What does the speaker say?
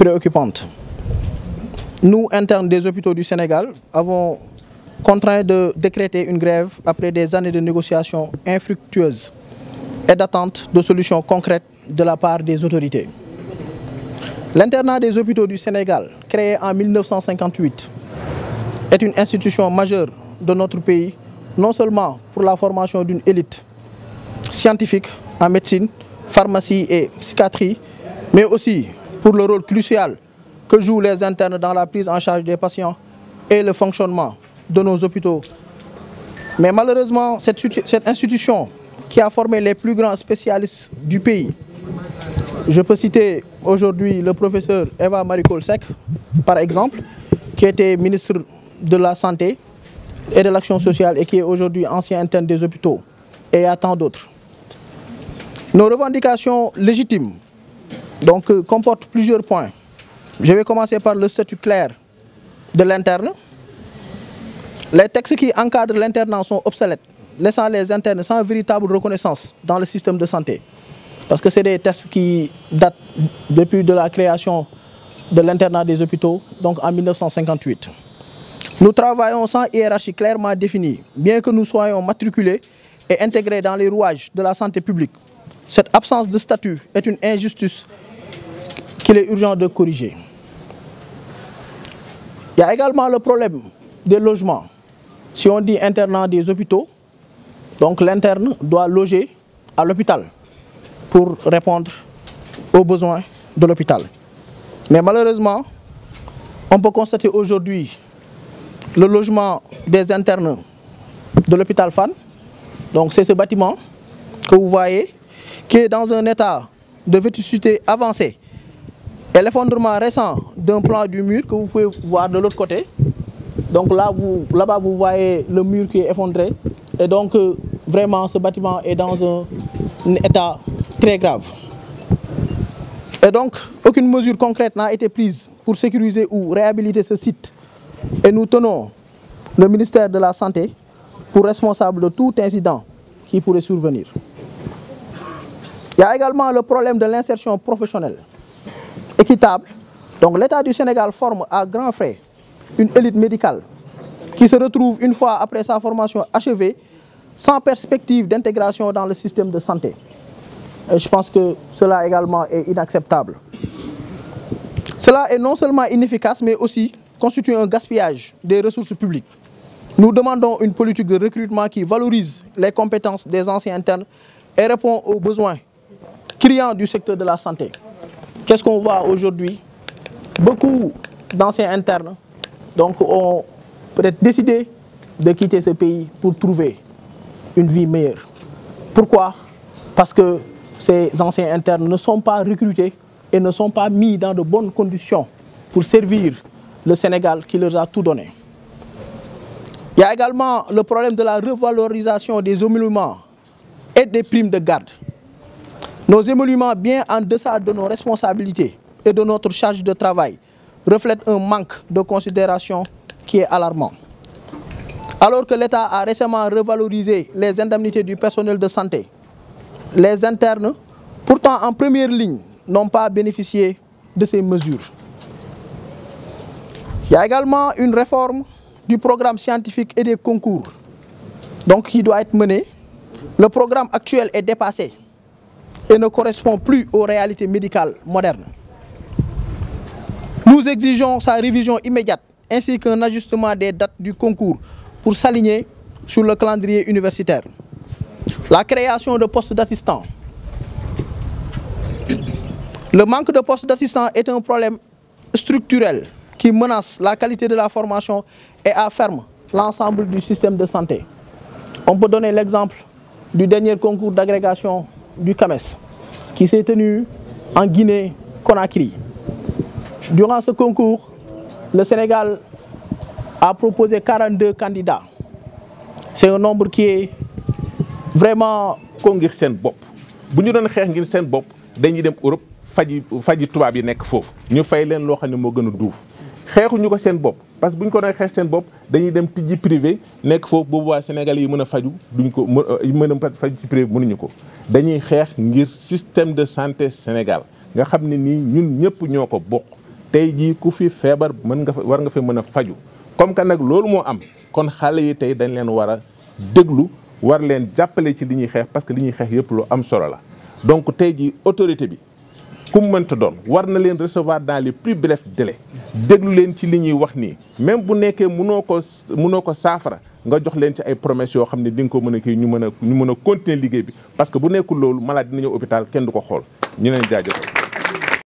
préoccupante. Nous, internes des hôpitaux du Sénégal, avons contraint de décréter une grève après des années de négociations infructueuses et d'attente de solutions concrètes de la part des autorités. L'internat des hôpitaux du Sénégal, créé en 1958, est une institution majeure de notre pays, non seulement pour la formation d'une élite scientifique en médecine, pharmacie et psychiatrie, mais aussi pour le rôle crucial que jouent les internes dans la prise en charge des patients et le fonctionnement de nos hôpitaux. Mais malheureusement, cette, institution qui a formé les plus grands spécialistes du pays, je peux citer aujourd'hui le professeur Eva Marie Colsec, par exemple, qui était ministre de la Santé et de l'Action sociale et qui est aujourd'hui ancien interne des hôpitaux, et à tant d'autres. Nos revendications légitimes donc euh, comporte plusieurs points. Je vais commencer par le statut clair de l'interne. Les textes qui encadrent l'internat sont obsolètes, laissant les internes sans véritable reconnaissance dans le système de santé. Parce que c'est des textes qui datent depuis de la création de l'internat des hôpitaux, donc en 1958. Nous travaillons sans hiérarchie clairement définie, bien que nous soyons matriculés et intégrés dans les rouages de la santé publique. Cette absence de statut est une injustice il est urgent de corriger. Il y a également le problème des logements. Si on dit internant des hôpitaux, donc l'interne doit loger à l'hôpital pour répondre aux besoins de l'hôpital. Mais malheureusement, on peut constater aujourd'hui le logement des internes de l'hôpital FAN. Donc c'est ce bâtiment que vous voyez qui est dans un état de vétusité avancée et l'effondrement récent d'un plan du mur que vous pouvez voir de l'autre côté. Donc là, vous, là-bas, vous voyez le mur qui est effondré. Et donc, euh, vraiment, ce bâtiment est dans un état très grave. Et donc, aucune mesure concrète n'a été prise pour sécuriser ou réhabiliter ce site. Et nous tenons le ministère de la Santé pour responsable de tout incident qui pourrait survenir. Il y a également le problème de l'insertion professionnelle équitable. Donc l'État du Sénégal forme à grands frais une élite médicale qui se retrouve une fois après sa formation achevée sans perspective d'intégration dans le système de santé. je pense que cela également est inacceptable. Cela est non seulement inefficace, mais aussi constitue un gaspillage des ressources publiques. Nous demandons une politique de recrutement qui valorise les compétences des anciens internes et répond aux besoins criants du secteur de la santé. Qu'est-ce qu'on voit aujourd'hui Beaucoup d'anciens internes donc, ont peut-être décidé de quitter ce pays pour trouver une vie meilleure. Pourquoi Parce que ces anciens internes ne sont pas recrutés et ne sont pas mis dans de bonnes conditions pour servir le Sénégal qui leur a tout donné. Il y a également le problème de la revalorisation des émoluments et des primes de garde. Nos émoluments, bien en deçà de nos responsabilités et de notre charge de travail, reflètent un manque de considération qui est alarmant. Alors que l'État a récemment revalorisé les indemnités du personnel de santé, les internes, pourtant en première ligne, n'ont pas bénéficié de ces mesures. Il y a également une réforme du programme scientifique et des concours donc, qui doit être menée. Le programme actuel est dépassé et ne correspond plus aux réalités médicales modernes. Nous exigeons sa révision immédiate ainsi qu'un ajustement des dates du concours pour s'aligner sur le calendrier universitaire. La création de postes d'assistants. Le manque de postes d'assistants est un problème structurel qui menace la qualité de la formation et afferme l'ensemble du système de santé. On peut donner l'exemple du dernier concours d'agrégation du CAMES qui s'est tenu en Guinée-Conakry. Durant ce concours, le Sénégal a proposé 42 candidats. C'est un nombre qui est vraiment... Si Sen Bop. bopp bu ñu doon xeex ngir nous bopp dañuy dem Europe faji faji ñu fay xeexuñu ko seen bopp parce que bu ñu ko doon xeex seen bopp dañuy dem tijji privé nekk foofu boobu waa Sénégal yi mën a faju duñ ko mën a faju ci privé mënuñu ko dañuy xeex ngir système de santé Sénégal nga xam ne nii ñun ñëpp ñoo ko bokk tey jii ku fi feebar mën nga fa war nga fa mën a faju comme que nag loolu moo am kon xale yi tey dañ leen war a déglu war leen jàppale ci li ñuy xeex parce que li ñuy xeex yëpp lu am solo la donc tey ji autorité bi ku mu mënta doon war na leen recevoir dans les plus brefs délais déglu leen ci li ñuy wax nii même bu nekkee munoo ko mënoo ko saafara nga jox leen ci ay promesses yoo xam ne di nga ko mën a kii ñu mën a ñu mën a continuer liggéey bi parce que bu nekkul loolu malade dina ñëw hôpital kenn du ko xool ñu leen jaajëfal